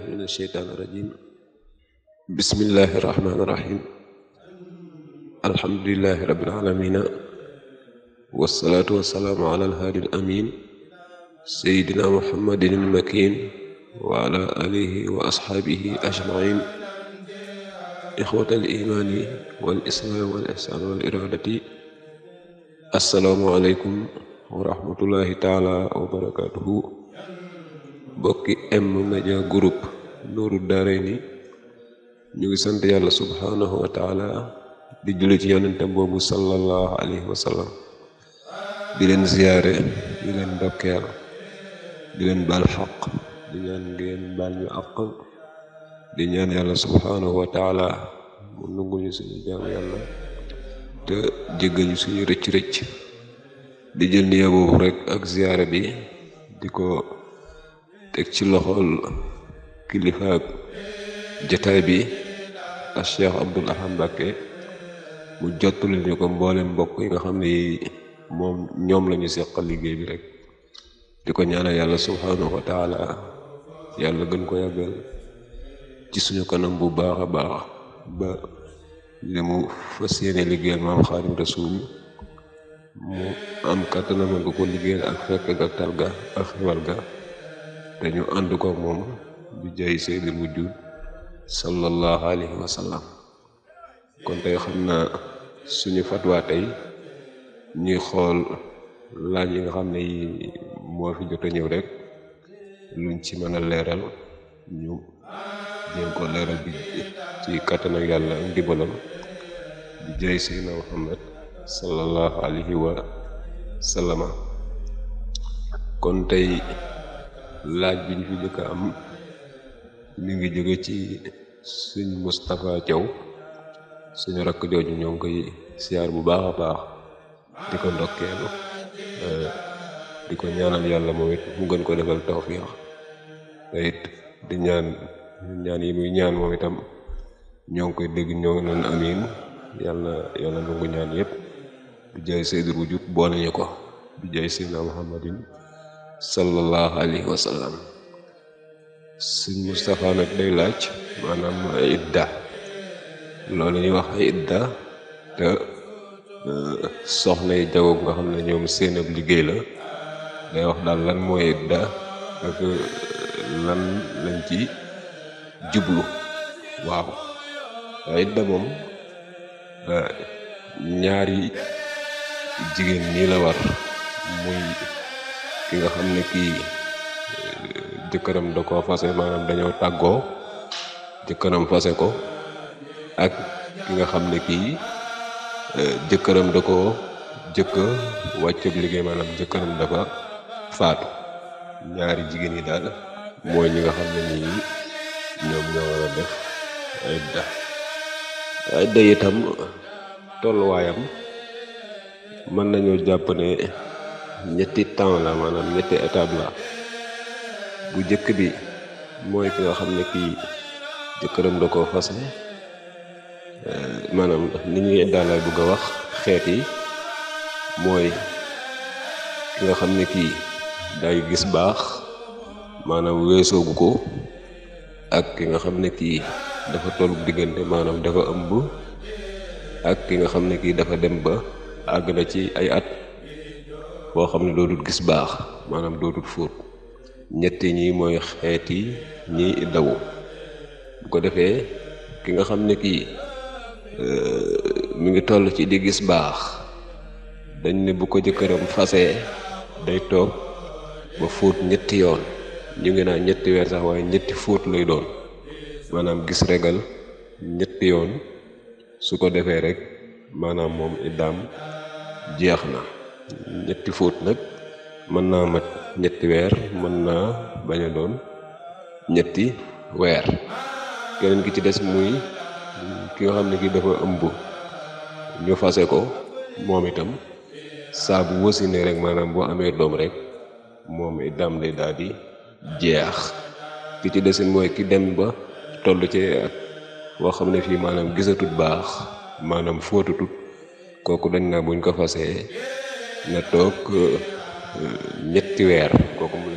billahi min asheytaan irajim bismillahi irrahmani irrahim alhamdulilahi rabil alamina wasalaatu wasalaamu ala alhaadi al amin seydina muhammadin al makin wa ala alihi wa ashaabihi ajmain ixwata al imaani wal islaam wal ihsaan wal iraadati assalaamu aleykum wa rahmatullahi taala wa barakaatuhu bokki M-Media Group nooru daare ni ñu ngi sant yàlla subhaanahu wa taala di julli ci yonente boobu sallallahu alayhi wa sallam di leen ziyaare di leen ndokkeel di leen baal xaq di ñaan ngeen baal ñu àq di ñaan yàlla subhaanahu wa taala mu nangu ñu suñu jaam yàlla te jéggal ñu suñu rëcc-rëcc di jël niya boobu rek ak ziyaare bi di ko teg ci loxol kilifaak jataay bi ak Cheikh Abdoul Ahad Mbacké mu jottali ñu ko mboolem mbokk yi nga xam ni moom ñoom lañu seqal liggéey bi rek di ko ñaanal yàlla subhanahu wa taala yàlla gën ko yàggal ci suñu kanam bu baax a baax ba li mu fas yéene liggéeyal maam Xaadim Rasuul mu am kàttanam nga ko liggéeyal ak fekk ga ga ak xiwal ga dañu ñu ànd ko moom bi jay seydil wujud sallallahu alayhi kon tey xam naa suñu fatwaa tey ñuy xool laaj yi nga xam ne yi moo fi jot a ñëw rek luñ ci mën a leeral ñu jéem ko leeral bi ci kàttan yàlla ndibalam bi jay seydina muhammad sallallahu alayhi kon tey laaj bi ñu fi njëkk a am mi ngi jóge ci suñ Moustapha Thiaw suñu rakk jooju ñoo ngi koy siyaar bu baax a baax di ko ndokkeelu euh, di ko ñaanal yàlla moom it mu gën ko defal tawfiix te it di ñaan ñaan yi muy ñaan moom itam ñoo ngi koy dégg ñoo ngi naan amiin yàlla yàlla nangu ñaan yëpp di jaay Seydou Roudjoub boole ko di jaay Seydina Muhammadin sallallahu alayhi wa sallam sëñ Moustapha nag day laaj maanaam idda loolu ñuy wax idda te euh, soxna yi jagoob nga xam ne ñoom seen liggéey la day wax daal lan mooy idda ak euh, lan lañ ci jublu waaw waaye idda moom euh, ñaari jigéen ñi la war muy ki nga xam ne kii jëkkëram da koo fase maanaam dañoo tàggoo jëkkëram fase ko ak ki nga xam ne kii jëkkëram da koo jëkk wàcc liggéey maanaam jëkkëram dafa faatu ñaari jigéen yi daal mooy ñi nga xam ne nii ñoom ñoo war a def idda tolluwaayam mën nañoo jàpp ne ñetti temps la maanaam ñetti étape la bu jëkk bi mooy ki nga xam ne kii jëkkëram la koo fase maanaam ni ñuy daalaay bëgg a wax xeet yi mooy ki nga xam ne kii day gis baax maanaam weesoogu ko ak ki nga xam ne kii dafa tollu diggante maanaam dafa ëmb ak ki nga xam ne kii dafa dem ba àgg na ci ay at boo xam ne dootul gis baax maanaam dootul fóot ñetti ñi mooy xeet yi ñiy dawu bu ko defee ki nga xam ne kii euh, mu ngi toll ci di gis baax dañ ne bu ko jëkkëram fasee day toog ba fóot ñetti yoon ñu ngi naan ñetti weer sax waaye ñetti fóot lay doon maanaam gis regal ñetti yoon su ko defee rek maanaam moom iddaam jeex na ñetti fóot nag mën naa mat ñetti weer mën naa bañ a doon ñetti weer keneen ki ci des muy ki nga xam ne ki dafa ëmb ñu fase ko moom itam saabu bu wasine rek maanaam boo amee doom rek moom itam lay daal di jeex ki ci desin mooy ki dem ba toll ci at boo xam ne fii maanaam gisatut baax maanaam fóotatut kooku dañ naa buñ ko fasee Euh, ñetti weer kooku mu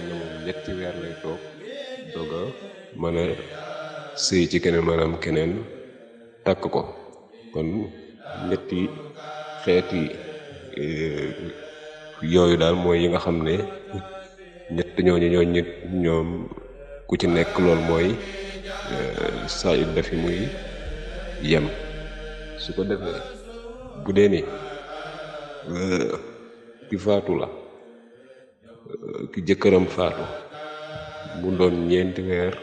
ñetti weer lay toog doog a sëy ci keneen maanaam keneen takk ko kon ñetti xeeti euh, yooyu daal mooy yi nga xam ne ñett ñooñu ñoo ñoom ku ci nekk lool mooy euh, saa yu dafi muy yem su ko defee bu dee ni ki faatu la eh, ki jëkkëram faatu mu doon ñeenti weer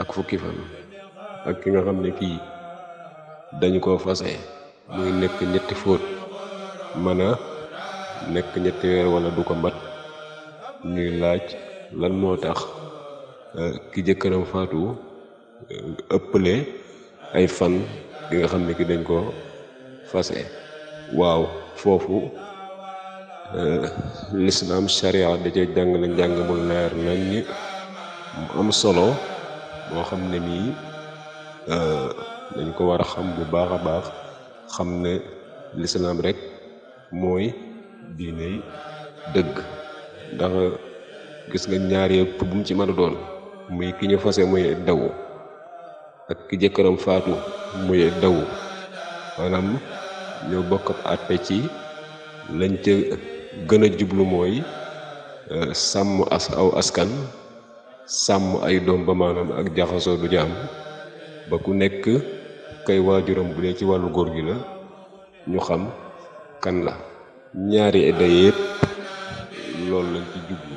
ak fukki fan ak ki nga xam ne kii dañu ko fase muy nekk ñetti fóot mën nekk ñetti weer wala du ko mat ñuy laaj lan moo tax eh, ki jëkkëram faatu eh, ëpple ay fan ki nga xam ne ki dañ koo fase waaw foofu lislaam sharia da jàng jàngale njàng mu leer nañ mu am solo boo xam ne mii euh, dañ ko war a xam bu baax a baax xam ne lislaam rek mooy diiney dëgg ndax gis nga ñaar yëpp ci mën a doon muy ki ñu fase muy daw ak ki jëkkëram faatu muy daw maanaam ñoo bokk àtte ci lañ gën a jublu mooy euh, sàmm as aw askan sàmm ay doom ba maanaam ak jaxasoo du ñu am ba ku nekk kay waajuram bu dee ci wàllu góor gi la ñu xam kan la ñaari edda yépp loolu lañ ci jublu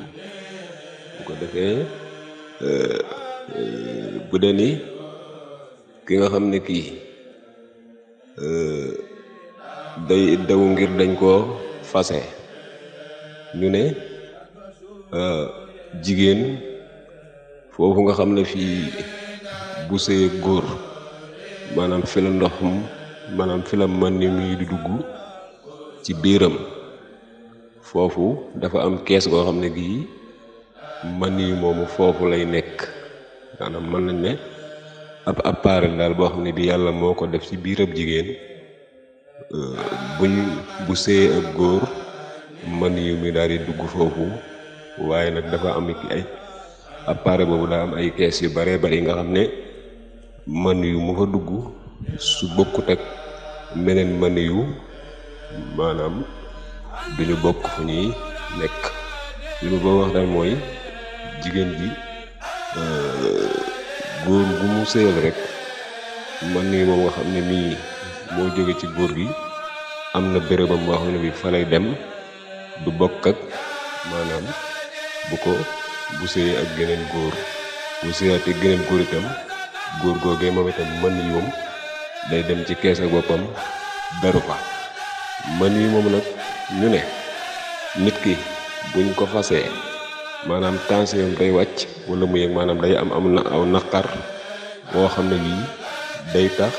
bu ko defee euh, bu dee ni ki nga xam ne kii euh, day iddawu ngir dañ koo fase ñu ne euh, jigéen foofu nga xam ne fii bu sëy góor maanaam fi la ndoxum maanaam fi la mën ni muy dugg ci biiram foofu dafa am kees goo xam ne gii mën yi moomu foofu lay nekk maanaam mën nañ ne ab appareil daal boo xam ne bi yàlla moo ko def ci biir ab jigéen euh, buñ bu sëyee ab góor man yu mi daal di dugg foofu waaye nag dafa am ay appareil boobu daa am ay kees yu bare bari nga xam ne man yu mu fa dugg su bokkut ak meneen man yu maanaam duñu bokk fu ñuy nekk li ma bëgg wax daal mooy jigéen ji euh, góor gu mu sëyal rek man yu moom nga xam ne mii moo jóge ci góor gi am na bérébam boo xam ne bi fa lay dem du bokk ak maanaam bu ko bu séyee ak geneen góor bu séyaate geneen góor itam góor googee moom itam mën day dem ci kees boppam beru ko mën yi moom nag ñu ne nit ki buñ ko fasee maanaam tension day wàcc wala mu yëg maanaam day am am na aw naqar woo xam ne lii day tax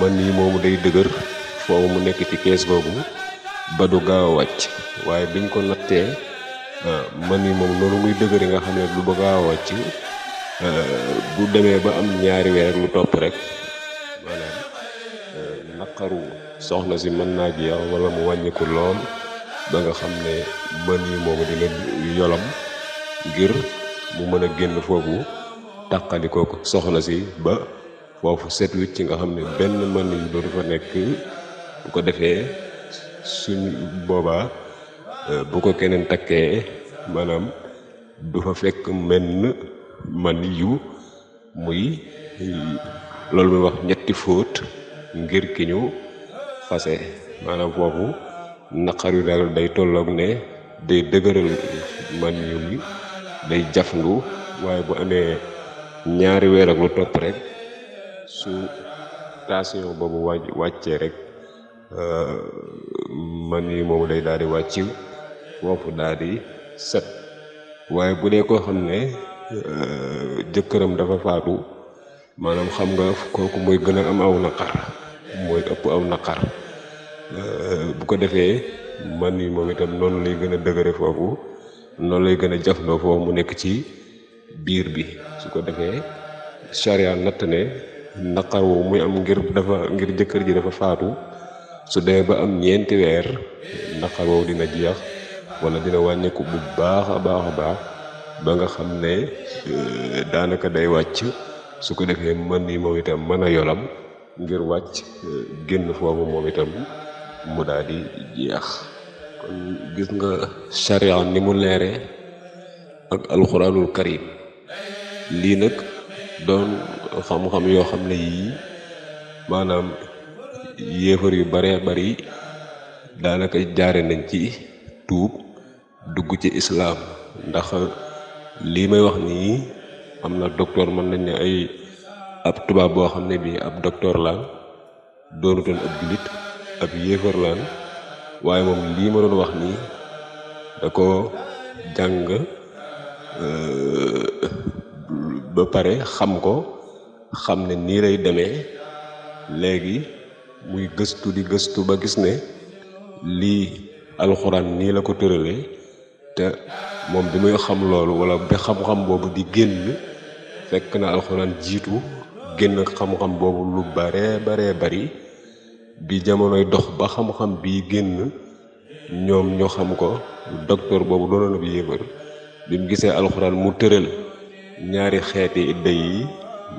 mën yi moomu day dëgër foofu mu nekk ci kees boobu ba du gaaw a wàcc waaye biñ ko nattee ah, man yi moom noonu muy dëgëri nga xam ne du ba gaaw a wàcc ah, bu demee ba am ñaari weer rek lu topp rek ah, naqaru soxna si mën naa ji yow wala mu wàññiku lool ba nga xam ne mën yi moomu dina yolam ngir mu mën a génn foofu tàqali kooku soxna si ba foofu set wicc nga xam ne benn mën yi dootu fa nekk bu ko defee suñ boobaa euh, bu ko keneen takkee maanaam du fa fekk menn man yu muy loolu muy wax ñetti fóot ngir ki ñu fase maanaam foofu naqar yu daal day tolloog ne day dëgëral man yu mi day jafandu waaye bu amee ñaari weer ak lu topp rek su tension boobu wàccee rek Euh, man yi moom day daal di wàcciw foofu daal di set waaye bu dee koo xam ne euh, jëkkëram dafa faatu maanaam xam nga kooku mooy gën a am aw naqar mooy ëpp aw naqar euh, bu ko defee man yi moom itam noonu lay gën a dëgëre foofu noonu lay gën a jafloo foofu mu nekk ci biir bi su ko defee charia natt ne naqar woowu muy am ngir dafa ngir jëkkër ji dafa faatu su dee ba am ñeenti weer naqar woowu dina jeex wala dina wàññiku bu baax a baax a baax ba nga xam ne euh, daanaka day wàcc su ko defee mën yi moom itam mën a yolam ngir wàcc euh, génn foofu moom itam mu daal di kon gis nga charia ni mu leere ak alxuraanul karim lii nag doon xam-xam yoo xam ne yii maanaam yéefar yu bare bari daanaka jaare nañ ci tuub dugg ci islaam ndax lii may wax nii am na docteur mën nañ ne ay ab tubaab boo xam ne bii ab docteur laan doonutoon ab jullit ab yéefar laan waaye moom lii ma doon wax nii da ko jàng euh, ba pare xam ko xam ne nii lay demee léegi muy gëstu di gëstu ba gis ne lii alxuraan nii la ko tëralee te moom bi muy xam loolu wala bi xam-xam boobu di génn fekk na alxuraan jiitu génn xam-xam boobu lu bare bare bari bi jamonoy dox ba xam-xam bii génn ñoom ñu xam ko docteur boobu doonoon bi yéefar bi mu gisee alxuraan mu tëral ñaari xeeti idda yi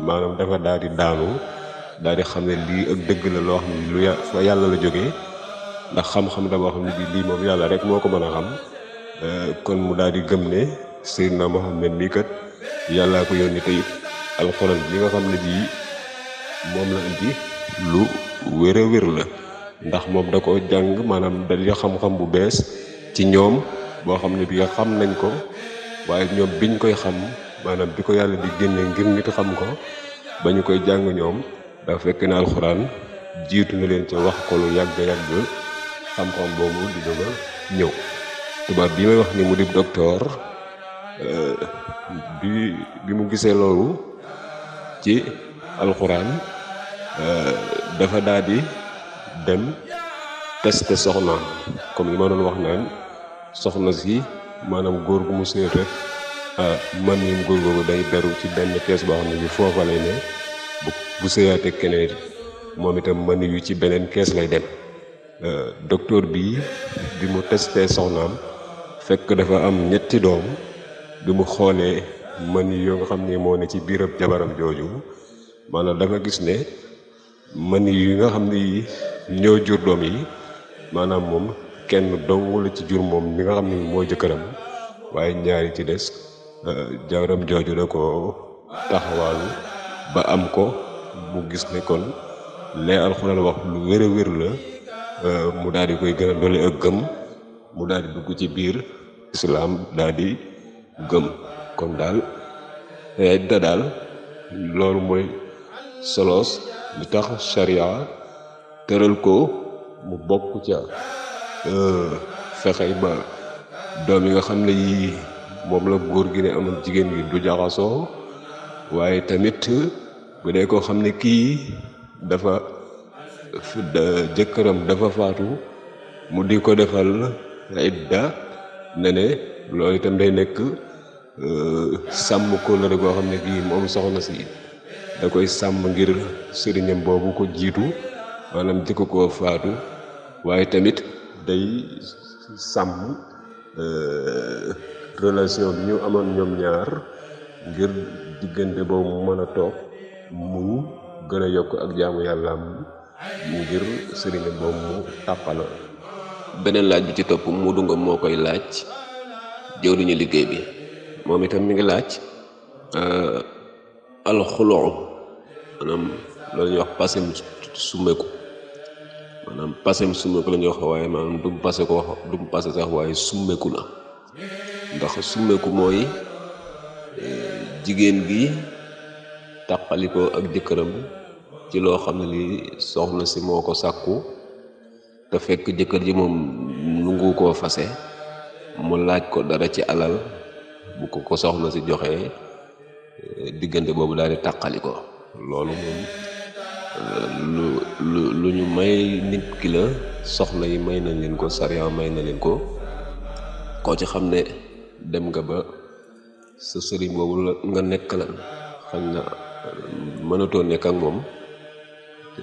maanaam dafa daal di daanu daal di xam ne lii ak dëgg la loo xam ne lu yàlla la jógee ndax xam-xam la xam ne lii moom yàlla rek moo ko mën a xam euh, kon mu daal di gëm ne na xam ne mii kat yàlla ko yónni tey alxuraan bi nga xam ne bii moom la indi lu wér a wér la ndax moom da ko jàng maanaam dali xam-xam bu bees ci ñoom boo xam ne bi nga xam nañ ko waaye ñoom biñ koy xam maanaam bi ko yàlla di génne ngir nit xam ko ba ñu koy jàng ñoom dafa fekk na alxuraan jiitu na leen ca wax ko lu yàgg yàgg xam-xam boobu di doga ñëw tubaab bi may wax ni mu di docteur euh, bi mu gisee loolu ci alxuraan euh, dafa daal di dem testé soxna comme li ma doon wax naan soxna si maanaam góor gu mu séet euh, man yi góor googu day beru ci benn kees boo xam ne bi foofa lay ne bu sëyaatee keneen moom itam mënu yu ci beneen kees lay dem euh, docteur bii bi mu testé soxnaam fekk dafa am ñetti doom bi mu xoolee mën yoo nga xam ni moo ne ci biiram jabaram jooju maanaam dafa gis ne mën yi nga xam ne ñoo jur doom yi maanaam moom kenn dong la ci jur moom mi nga xam ne moo jëkkëram waaye ñaari ci des euh, jabaram jooju da ko taxawaalu ba am ko mu gis ne kon lee alxuraan wax lu wér wér la euh, mu daal di koy gën a ak gëm mu daal di dugg ci biir islaam daal di gëm kon daal idda eh, daal loolu mooy solos li tax charia tëral ko mu bokk ca euh, fexe ba doom yi nga xam ne yii moom la góor gi ne amul jigéen gi du jaxasoo waaye tamit bu dee koo xam ne kii dafa jëkkëram dafa faatu mu di ko defal idda ne ne loolu itam day nekk euh, sàmm kóllëre goo xam ne kii moom na si da koy sàmm ngir sëriñam boobu ko jiitu maanaam jëkk koo faatu waaye tamit day sàmm euh, relation bi ñu amoon ñoom ñaar ngir diggante boobu mën a toog mu gën a yokk ak jaamu yàllaam ngir sëriñ boobu mu tàppaloo beneen laaj bi ci topp Modou Ngom moo koy laaj jëwriñu liggéey bi moom itam mi ngi laaj alxuloo maanaam loolu ñuy wax pasem sumeku maanaam pasem sumeku la ñuy wax waaye maanaam du pase ko wax du pase sax waaye sumeku la ndax sumeku mooy jigéen gi tàqalikoo ak jëkkëram ci loo xam ne lii soxna si moo ko sakku te fekk jëkkër ji moom nungu koo fase mu laaj ko dara ci alal bu ko ko soxna si joxe diggante boobu daal di tàqalikoo loolu moom lu lu ñu may nit ki la soxna yi may nañ leen ko sariya may na leen ko koo ci xam ne dem nga ba sa sëriñ boobu la nga nekk lan xañ na mënatoo nekk ak moom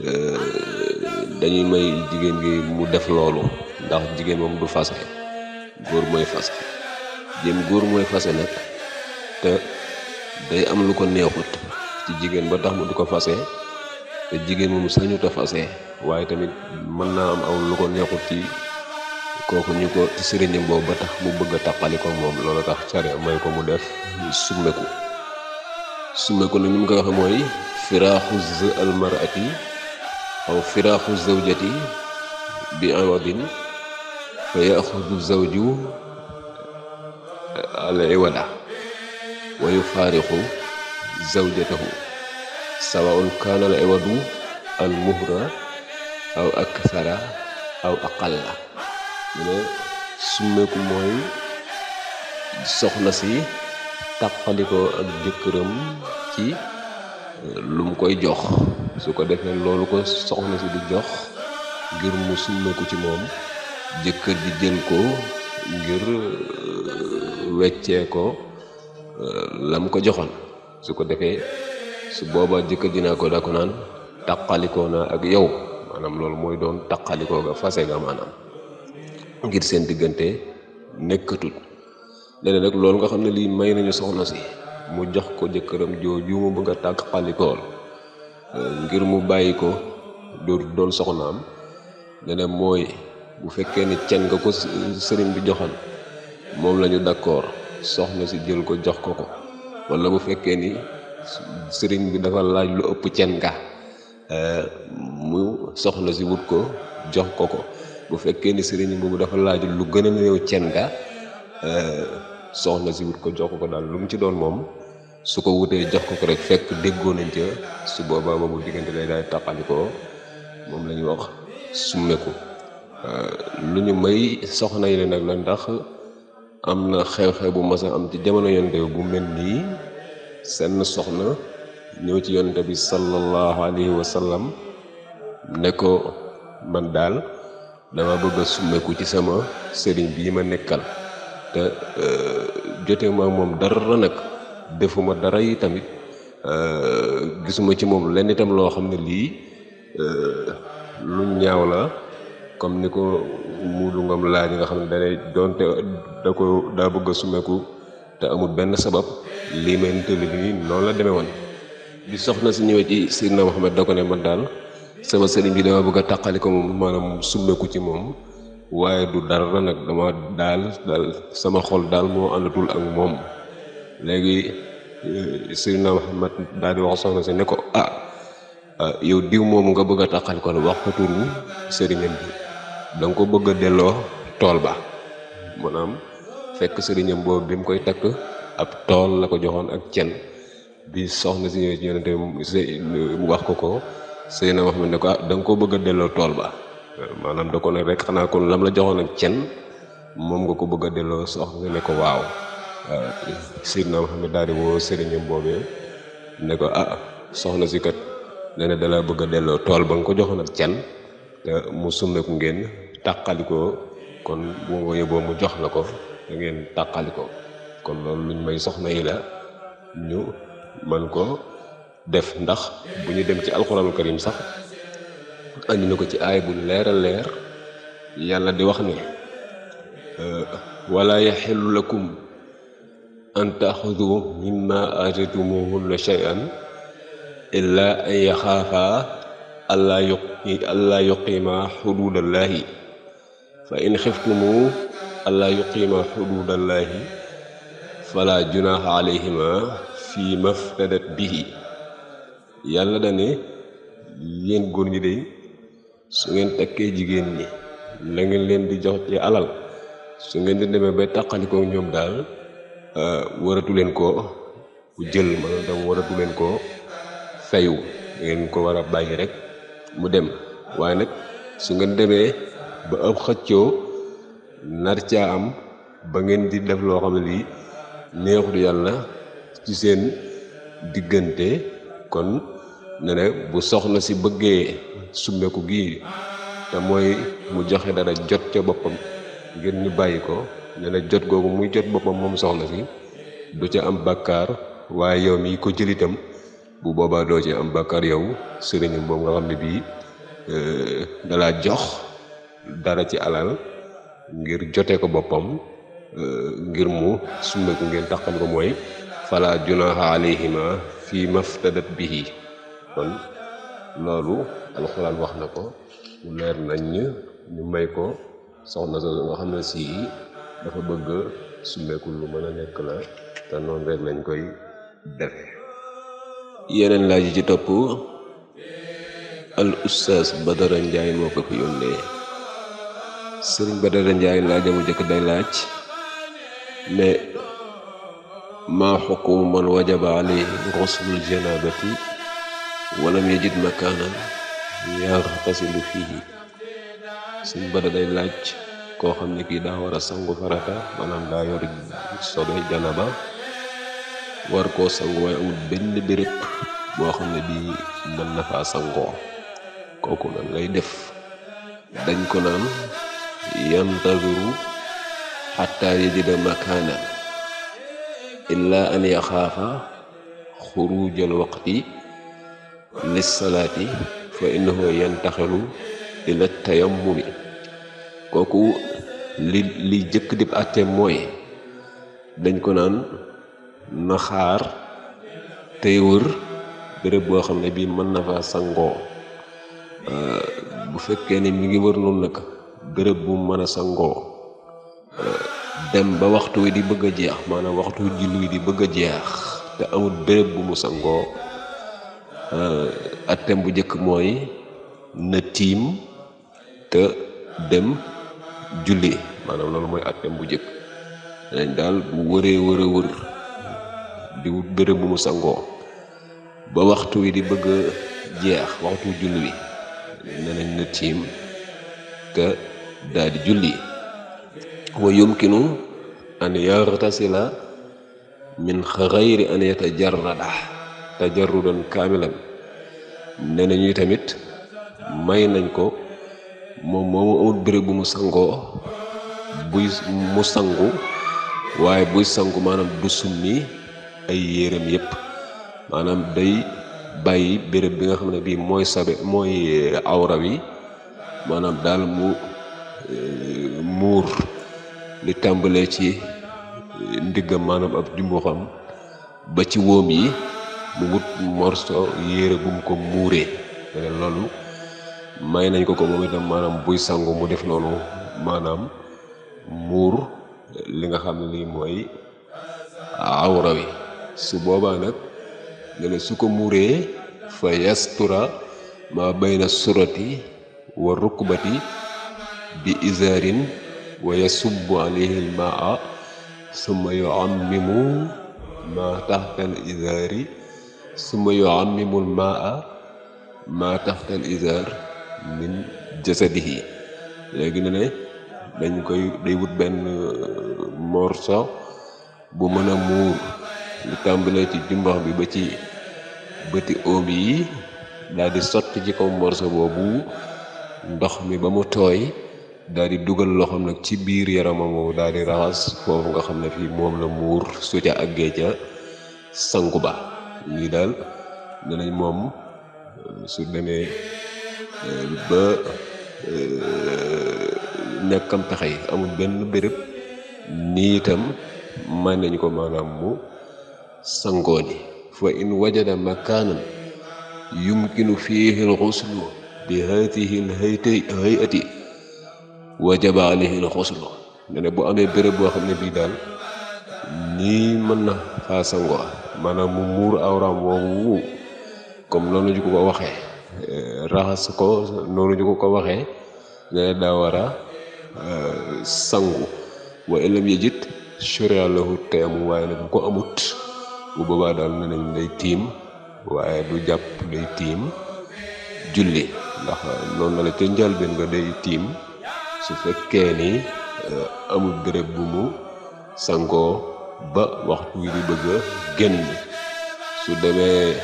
euh, dañuy may jigéen gi mu def loolu ndax jigéen moom du fase góor mooy fase jéem góor mooy fase nag te day am lu ko neexut ci jigéen ba tax mu du ko fase te jigéen moom sañut a fase waaye tamit mën naa am aw lu ko neexut ci kooku ñu ko sëriñam boobu ba tax mu bëgg a taqali ko moom loolu tax care may ko mu def summeku sunna ko nag ni mu ko waxee mooy firaaxu almarati aw firaaxu zawjati bi iwadin fa yaxudu zawju al iwada wa yufaarixu zawjatahu sawaun kaana al iwadu al muhra aw aksara aw aqalla mu ne summeeku mooy soxna si tàqalikoo ak jëkkëram ci euh, lu koy jox su ko defee loolu ko soxna si di jox ngir mu summeeku ci moom jëkkër ji jël ko ngir euh, weccee ko euh, lam ko joxoon su ko defee su boobaa jëkkër ji naa ko daa ko naan tàqalikoo naa ak yow maanaam loolu mooy doon tàqalikoo ga fase ga maanaam ngir seen diggante nekkatul léegi nag loolu nga xam ne lii may nañu soxna si mu jox ko jëkkëram jooju mu bëgg a tàgg xalikool euh, ngir mu bàyyi ko dootu doon soxnaam ne mooy bu fekkee ni cen nga ko sëriñ bi joxan moom la ñu d'accord soxna si jël ko jox ko ko wala bu fekkee ni sëriñ bi dafa laaj lu ëpp cen ga euh, mu soxna si wut ko jox ko ko bu fekkee ni sëriñ boobu dafa laaj lu gën a néew cen ga euh, soxna si wut ko jox ko daal lu mu ci doon moom su ko wutee jox ko ko rek fekk déggoo nañ ca su boobaa boobu diggante lay daal taqalikoo moom la wax summeku euh, lu ñu may soxna yi la nag la ndax am na xew-xew am ci jamono yonte bu mel nii seen soxna ñëw ci yonte bi sallallahu alayhi wa sallam ne ko man daal dama bëgg a summeku ci sama sëriñ bii ma nekkal te euh, joteewuma ak moom dara nag defuma dara yi tamit euh, gisuma ci moom lenn itam loo xam ne lii euh, lu ñaaw la comme ni ko lu Modou Ngom laaj nga xam ne danay donte da ko daa bëgg a te amul benn sabab lii may nettali nii noonu la demee woon bi soxna si ñëwee ci Seydina Muhammad da ko ne man daal sama sëriñ bi dama bëgg a taqali ko moom maanaam summeeku ci moom waaye du dara nag dama daal daal sama xol daal moo àndatul ak moom léegi eh, Seydina Muhammad daal di wax soxna si ne ko ah, ah yow diw moomu nga bëgg a taqal kon wax ko turu sëriñam bi da ko bëgg delloo tool ba maanaam fekk sëriñam boobu bi mu koy takk ab tool la ko joxoon ak cen bi soxna si ñëwee ci yonente mu wax ko ko Seydina Muhammad ne ko ah, danga koo nga bëgg a delloo tool ba maanaam da ko ne rek xanaa ko lam la joxoon ak cen moom nga ko bëgg a delloo sox nga ne ko waaw euh, Seydina Muhammad daal di woo sëriñam boobee ne ko ah soxna si kat nee na dalaa bëgg a delloo tool ba nga ko joxoon ak cen te mu ku ngeen tàqali ko kon boo yeboo mu jox la ko da ngeen ko kon loolu luñ may soxna yi la ñu man ko def ndax bu ñu dem ci alxuraanul karim sax andi na ko ci aay bu leer leer yàlla di wax ne wala yaxillu lakum an taaxudu mimma aatitumuhunna shay'an illaa an yaxaafaa allaa yuqi allaa yuqiima fa in xiftumu allaa yuqiima xuduudallaahi falaa junaaxa alayhima fi maftadat bihi yàlla dane yéen góor ñi de su ngeen takkee jigéen ñi la ngeen leen di jox ci alal su ngeen di demee bay tàqalikoo ñoom daal euh, waratu leen koo jël maanaam tam waratu leen ko fayu ngeen ko war a bàyyi rek mu dem waaye nag su ngeen demee ba ab xëccoo nar caa am ba ngeen di def loo xam ne lii neexul yàlla ci seen diggante kon ne bu soxna si bëggee summeeku gii te mooy mu joxe dara jot ca boppam ngir ñu bàyyi ko ne ne jot googu muy jot boppam moom soxna si du ca am bakkaar waaye yow mi ko jëlitam bu boobaa doo ci am bàkkaar yow sëriñam boobu nga xam ne bii euh, dalaa jox dara ci alal ngir jote ko boppam euh, ngir mu summeeku ngeen taxal ko mooy fala junaha alayhima fi maftadat bihi kon loolu alxuraan wax na ko mu leer nañ ñu may ko soxna soosu nga xam ne sii dafa bëgg summeeku lu mën a nekk la te noonu rek lañ koy defe yeneen laaj yi ci topp al ustaas Badara Njaay moo ko fi yónnee sëriñ Badara Njaay laajamu jëkk day laaj ne maa xukumu man wajaba alayhi xuslul janaabati walam yajid makaanan yaxtasilu fiihi suñ bada day laaj koo xam ne kii daa war a sangu farata maanaam daa yor sobe janaba war koo sangu waaye amul benn béréb boo xam ne bii mën na faa sangoo kooku nan lay def dañ ko naan yantaziru xataa yajida makaanan illaa an yaxaafa xuruujal waqti lissalaati fa innahu yantaxilu ila tayammumi kooku li li jëkk dib àtte mooy dañ ko naan na xaar tey wër béréb boo xam ne bii mën na fa sangoo bu fekkee ne mi ngi wër loolu nag béréb bu mën a sangoo dem ba waxtu wi di bëgg a jeex maanaam waxtu julli wi di bëgg a jeex te amul béréb bu mu sangoo Euh, attem bu jëkk mooy na tiim te dem julli maanaam loolu mooy attem bu njëkk dañ daal bu wëree wër di bërëb bu mu sangoo ba waxtu wi di bëgg jeex waxtu julli wi ne nañ na tiim te daal di julli wa yumkinu an yartasila min xayri an yatajarrada tajarrudan kaamilan nee na ñuy tamit may nañ ko moom moomu amul béréb bu mu sangoo buy mu sangu waaye buy sangu maanaam du summi ay yéreem yépp maanaam day bàyyi béréb bi nga xam ne bii mooy sabe mooy awra wi maanaam daal mu euh, muur li tàmbalee ci euh, ndiggam maanaam ab jumbu xam ba ci wóom yi mu wut morceau yére bu mu ko muuree ne eh, loolu may nañ ko ko moom itam maanaam buy sangu mu def loolu maanaam muur li nga xam ne lii mooy awra wi su boobaa nag ne su ko muuree fa yastura ma bayna surati wa rukbati bi izaarin wa yasubbu alayhi al maa summa yuammimu ma taxta al izaari summa yu'ammimu al-mar'a maa tax al-izar min jasadihi léegi ne ne dañ koy day wut benn euh, morceau bu mën a muur lu ci jumbax bi ba ci bëti oom yi daal di sotti ci kaw morceau boobu ndox mi ba mu tooy daal di dugal loxoom nag ci biir yaramam moom daal di raxas foofu nga xam ne fii moom la muur su ca àggee ca sangu ba lii daal ne moom euh, su demee euh, ba euh, ñàkkam pexe yi benn béréb nii itam may nañ ko maanaam mu sangoo ji fa in wajada makaanan yumkinu fiihi alxuslu bi haatihi alhayati wajaba alayhi alxuslu ne ne bu amee béréb boo xam ne bii daal nii mën na faa sangoo maanaam mu muur awraam woowu comme noonu ñu ko ko waxee raxas ko noonu ñu ko ko waxee ne daa wara a euh, sangu wa ilam yajit shuria lahu tayamum waaye nag bu ko amut bu boobaa daal ne day tiim waaye du jàpp day tiim julli ndax noonu na la ca njëlbéen day tiim su fekkee ni euh, amul béréb bu mu sangoo ba waxtu wi di bëgg a génn su demee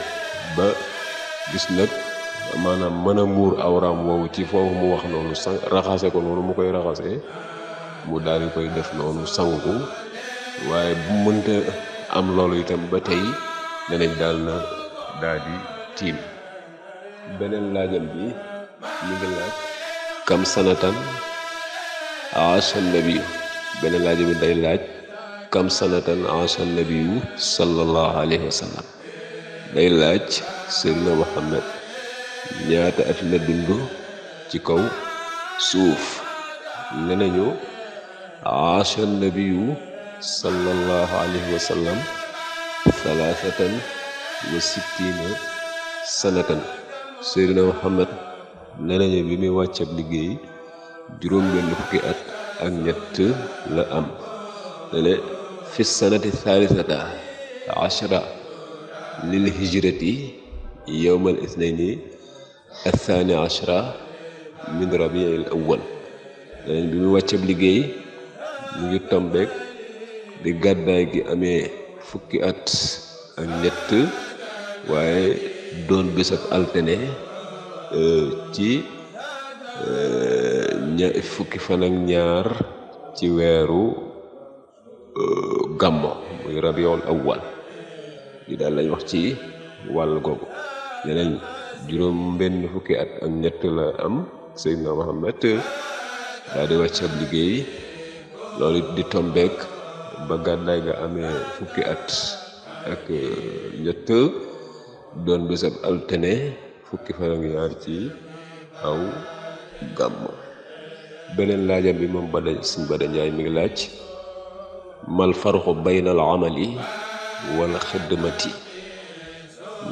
ba gis nag maanaam mën a muur awraam woowu ci foofu mu wax noonu sa raxase ko noonu mu koy raxasee mu daal di koy def noonu sangu waaye bu mënta am loolu itam ba tey nenañ daal na daal di tiim beneen laajam bi mu ngi laaj kam sanatan aashan nabi beneen laajam bi day laaj kam sanatan aasha nabiyu sallallahu alayhi day laaj seydna muhammad ñaata at la dund ci kaw suuf ne nañu aasha nabiyu sallallahu alayhi wa sallam thalathatan wa sanatan seydna muhammad ne nañu bi muy wàccab liggéey juróom benn fukki at ak ñett la am ne fi sanati thalithata ashara lil hijrati yowmal ithnayni athani ashara min rabiil awwal bi mu wàccab liggéey mu ngi tombeek di gàddaay gi amee fukki at ak ñett waaye doon bisab altene euh, ci euh, ña fukki fan ñaar ci weeru Euh, gàmmo muy rabiul awwal li daal lañ wax ci wàll googu leneen juróom benn fukki at ak ñett la am Seydina Muhammad daal di wàcc liggéey loolu di tombeek ba gàddaay ga amee fukki at ak euh, ñett doon bésab altine fukki fan ci aw gàmm beneen laajam bi moom Bada Sëñ Bada Njaay mi ngi laaj mal farxu bayna al amali wal xidmati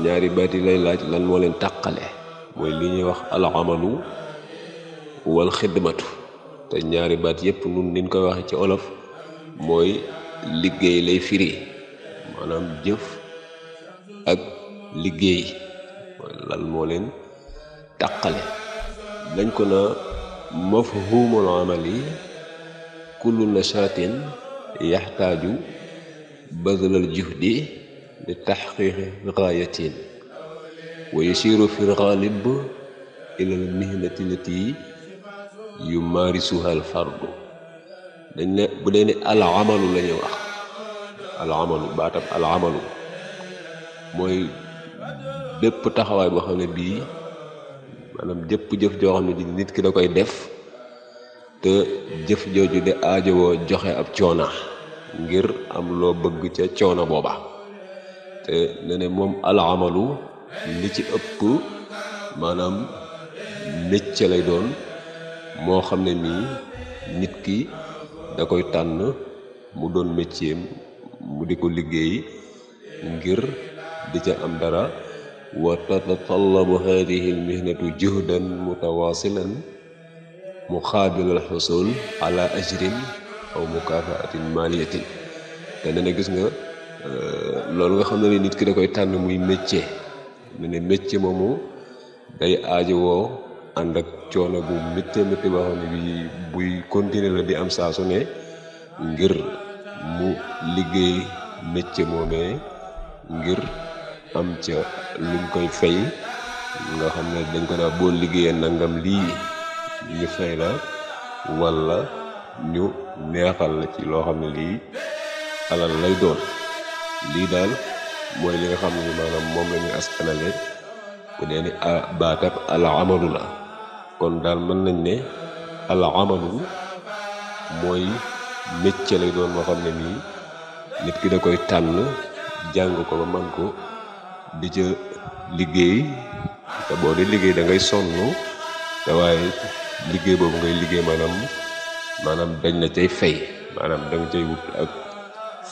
ñaari baat yi lay laaj lan moo leen tàqale mooy li ñuy wax al amalu wal xidmatu te ñaari baat yépp nun niñ koy waxe ci olof mooy liggéey lay firi maanaam jëf ak liggéey lan moo leen tàqale dañ ko na mafhumul amali kullu nashatin yaxtaaju bazlal juhdi li taxqiqi gaayatin wa yasiru fi lxaalib ilal mihnati lati yu maarisuha al fardu dañ ne bu dee ne al amalu la ñuy wax al amalu baatam al amalu mooy bépp taxawaay boo xam ne bii maanaam jëpp jëf joo xam ne nit ki da koy def te jëf jooju di aajowoo joxe ab coona ngir am loo bëgg ca coona booba te ne moom alaamalu li ci ëpp maanaam mécc lay doon moo xam ne nii nit ki da koy tànn mu doon mécceem mu di ko liggéey ngir di ca am dara wa tatatallabu haadihi almihnatu juhdan mutawaasilan muqaabilul xusul ala ajrin aw mukafaatin maaliyatin te nee gis nga euh, loolu nga xam ne nit ki da koy tànn muy métier mu ne métier moomu day aajowoo ànd ak coono bu méttee méttee boo xam ne buy continuer la di am saa su ne ngir mu liggéey métier moomee ngir am ca luñ koy fay nga xam ne dañ ko naa boo liggéeyee nangam lii ñu fay la walla ñu neexal la ci loo xam ne lii alal lay doon lii daal mooy li nga xam ne maanaam moom la ñuy askanale bu dee ni baat ak al amalu la kon daal mën nañ ne al amalu mooy métier lay doon moo ne nii nit ki da koy tànn jàng ko ba man ko di ca liggéey te boo di liggéey dangay ngay te waaye liggéey boobu ngay liggéey maanaam maanaam dañ la cay fay maanaam da ciy cay wut ak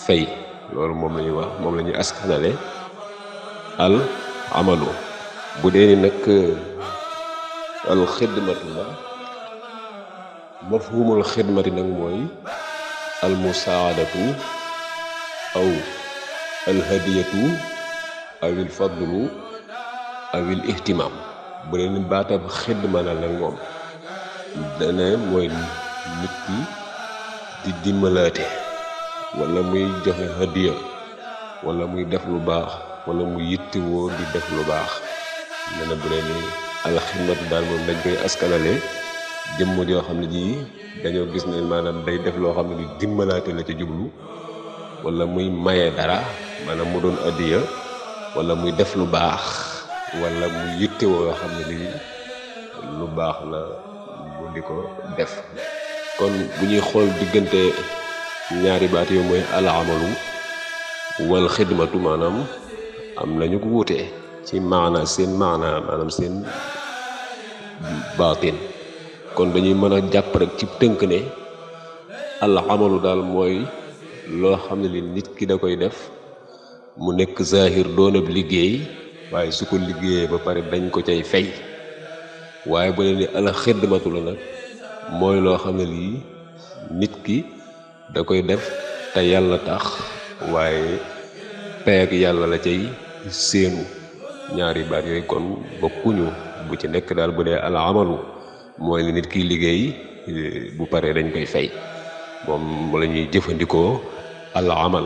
fay loolu moom la ñuy wax moom la ñuy askanale al amalu bu dee ni nag al xidmatu la mafhumul xidmati nag mooy al musaadatu aw al hadiyatu awil fadlu awil ihtimaam bu dee ni baatab xidma la nag moom dana mooy nit ki di dimbalaate wala muy joxe hadiya wala muy def lu baax wala mu yittewoo di def lu baax nee na bu dee daal moom dañ koy askanale jëmm yoo xam ne jii dañoo gis ne maanaam day def loo xam ne di dimbalaate la ca jublu wala muy maye dara maanaam mu doon hadiya wala muy def lu baax walla mu yittewoo yoo xam ne lii lu baax la di ko def kon bu ñuy xool diggante ñaari baat yooyu mooy al amalu wal xidmatu maanaam am nañu ko wuute ci maana seen maana maanaam seen baatin kon dañuy mën a jàpp rek ci tënk ne al daal mooy loo xam ne li nit ki da koy def mu nekk zahir doonab liggéey waaye su ko liggéeyee ba pare dañ ko cay fey waaye bu leen ni al la nag mooy loo xam ne lii nit ki da koy def te yàlla tax waaye peeg yàlla la cey séenu ñaari baat yooyu kon bokkuñu bu ci nekk daal bu dee al mooy li nit kiy liggéey eh, bu paree dañ koy fay moom mu jëfandikoo al amal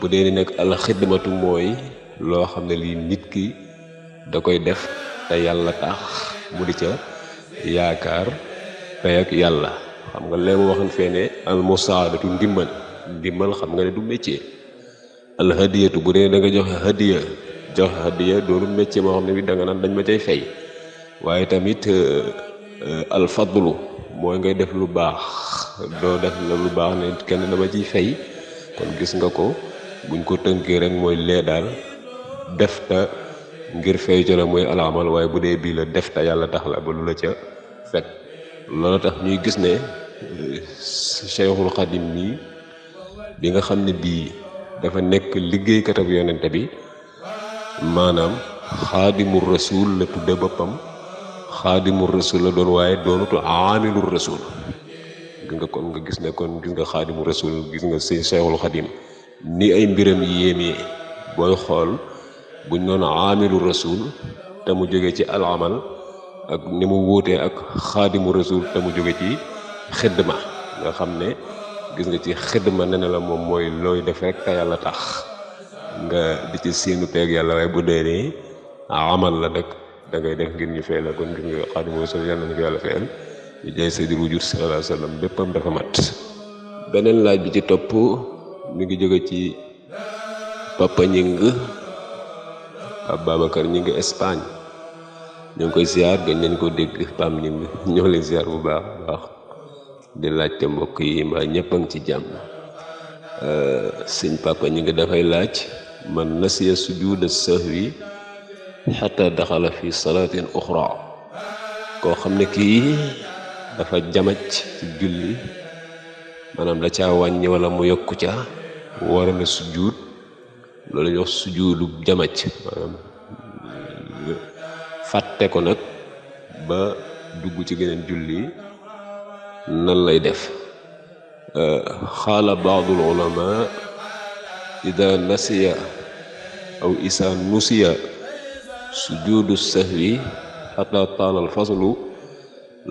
bu dee ni nag al loo xam ne lii nit ki da koy def te yàlla tax mu di ca yaakaar pay ak yàlla xam nga lee mu waxoon fee ne al musaadatu ndimbal xam nga ne du métier al hadiyatu bu dee danga joxe hadiya joxe hadiya doonu métier moo xam ne bi da nga naan dañ ma cay fay waaye tamit euh, al fadlu mooy ngay def lu baax doo def la lu baax ne kenn dama ciy fay kon gis nga ko buñ ko tënkee rek mooy lee daal def ngir fay ca la alaamal waaye bu dee bii la def te yàlla tax la ba lu la ca fekk loolu tax ñuy gis ne eh, Cheikhul Xadim nii bi nga xam ne bii dafa nekk liggéeykat ak bi maanaam xaadimul rasul la tudde boppam xaadimul rasul la doon waaye doonutu aamilul nga kon nga gis ne kon gis nga xaadimul gis nga sëñ Cheikhul Xadim ni ay mbiram yéeme booy xool buñ noon aamilu rasul te mu jóge ci alamal ak ni mu wuutee ak xaadimu rasul te mu jóge ci xidma nga xam ne gis nga ci xidma ne na la moom mooy looy def rek te yàlla tax nga di ci seenu peeg yàlla waaye bu dee nii amal la nag da ngay def ngir ñu fay la kon ngir nga xaadimu rasul yàlla nañu ko yàlla fayal ñu jaay sayyidul wujud sallallahu alayhi wa sallam béppam dafa mat beneen laaj bi ci topp mi ngi jóge ci Papa Ababacar ñu ngi Espagne ñu ngi koy ziar gën leen koo dégg PAM lim ñoo leen ziar bu baax a baax di laajte mbokk yi mbaa ñëpp ngi ci jàmm euh, sëñ papa ñu ngi dafay laaj man nasiya sujuuda sahwi xata daxala fi salaatin uxra koo xam ne kii dafa jamaj ci julli maanaam da caa wàññi wala mu yokku ca war na loolu ñuy wax sujuudu fàtte ko nag ba dugg ci geneen julli nan lay def xaala baadul ulama ida nasiya aw isa nusiya sujuudu sahwi xata taalal faslu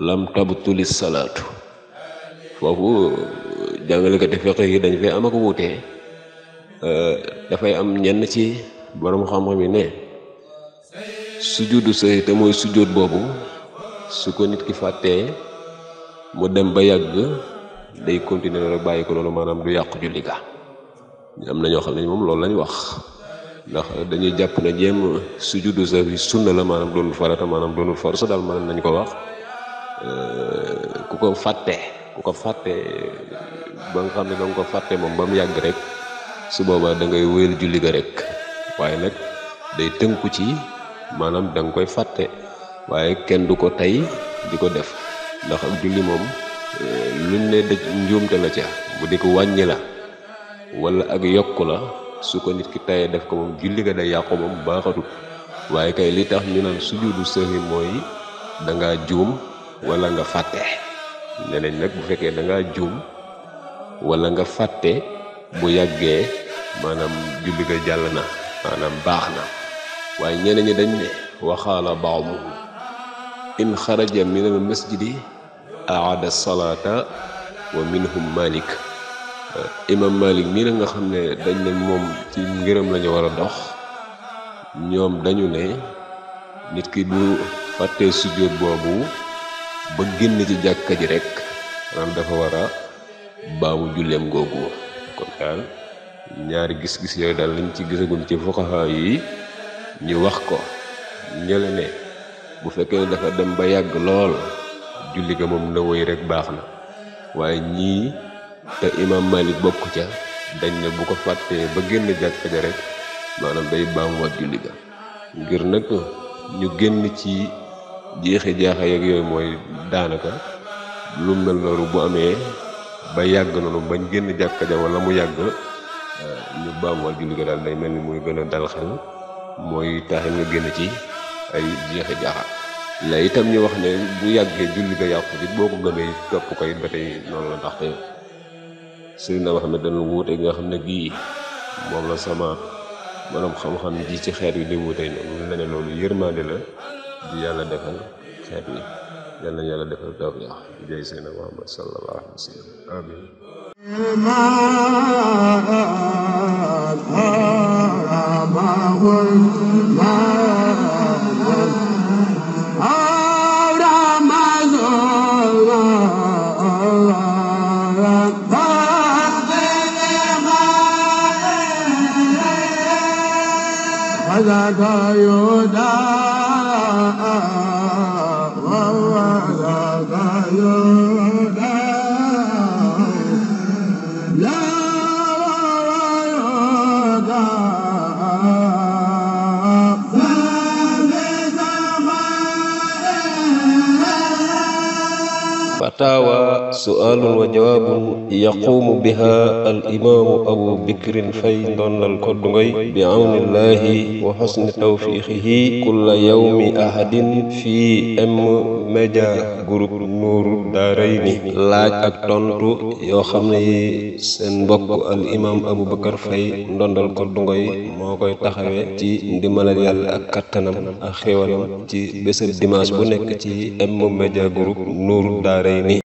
lam tabtuli salaatu foofu jàngale ko te fexe yi dañ fee am ak wuutee Euh, dafay am ñenn ci borom xam-xam yi ne sujjóotu sahwi te mooy sujjóot boobu su ko nit ki fàttee mu dem ba yàgg day continuer loolu bàyyi ko loolu maanaam du yàqu julli ga am na ñoo xam ne moom loolu lañ wax ndax dañuy jàpp na jéem sujjóotu sahwi sunna la maanaam doonul farata maanaam doonul force daal mën nañ ko wax euh, ku ko fàtte ku ko fàtte ba nga xam ne da nga ko fàtte moom ba mu yàgg rek su boobaa dangay ngay wéyal julli ga rek waaye nag day tënku ci maanaam danga koy fàtte waaye kenn du ko tey di ko def ndax ak julli moom eh, luñ ne daj njuumte la ca bu di ko wàññi la wala ak yokk la su ko nit ki tayee def ko moom julli ga day yàqu moom baaxatut waaye kay li tax ñu naan sujudu sahwi mooy da ngaa juum wala nga fàtte ne nañ nag bu fekkee da juum wala nga fàtte bu yàggee maanaam julli ga jàll na maanaam baax na waaye ñeneen ñi dañ ne waxaala baamuhum in xaraja min al masjidi aada salaata wa minhum malik imam malik mii nga xam ne dañ ne moom ci ngërëm lañu war a dox ñoom dañu ne nit ki bu fàttee sujjóot boobu ba génn ci jàkka ji rekk maanaam dafa wara a baamu julleem googu kon daal ñaari gis-gis yooyu daal lañ ci gisagum ci fuqaha yi ñu wax ko ñële ne bu fekkee dafa dem ba yàgg lool julli ga moom na wéy rek baax na waaye ñii te imam malik bokk ca dañ ne bu ko fàttee ba génn jàkka ja rek maanaam day baamuwaat julli ga ngir nag ñu génn ci jeexe jaaxa yeeg yooyu mooy daanaka lu mel loolu bu amee ba yàgg noonu bañ génn jàkka ja wala mu yàgg euh, ñu baamuwaat julli ko daal day mel ni muy gën a dal xel mooy taxin nga génn ci ay jeexi jaaxa la itam ñu wax ne bu yàggee julli ga yàqu ci boo ko gëmee topp koy ba tey noonu la ndaxte sëriñ na wax ne dañu wuute nga xam ne gii moom la sama borom xam-xam ji ci xeet yi di wuute noonu la ne loolu yërmande la di yàlla defal xeet wi yal nañu yàlla defal tawfiq bi jay seydina Muhammad sallallahu alayhi wa sallam amin Hallelujah. suaalun wa jawaabun yaquumu biha al imaamu fay ndondal koddu ngoy bi awnillahi wa xosni tawfiixihi kulla yawmi fii M Media Group Nour Daarayni laaj ak tontu yoo xam ne seen mbokk al imaam abu bakar fay ndondal koddu ngoy moo koy taxawee ci ndimbalal yàlla ak kattanam ak xéwalam ci bésëb dimanche bu nekk ci M Media Group Nour Daarayni